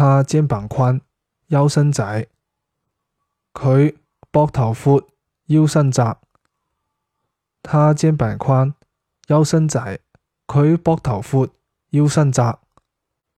他肩膀寬，腰身窄。佢膊頭闊，腰身窄。他肩膀寬，腰身窄。佢膊頭闊，腰身窄。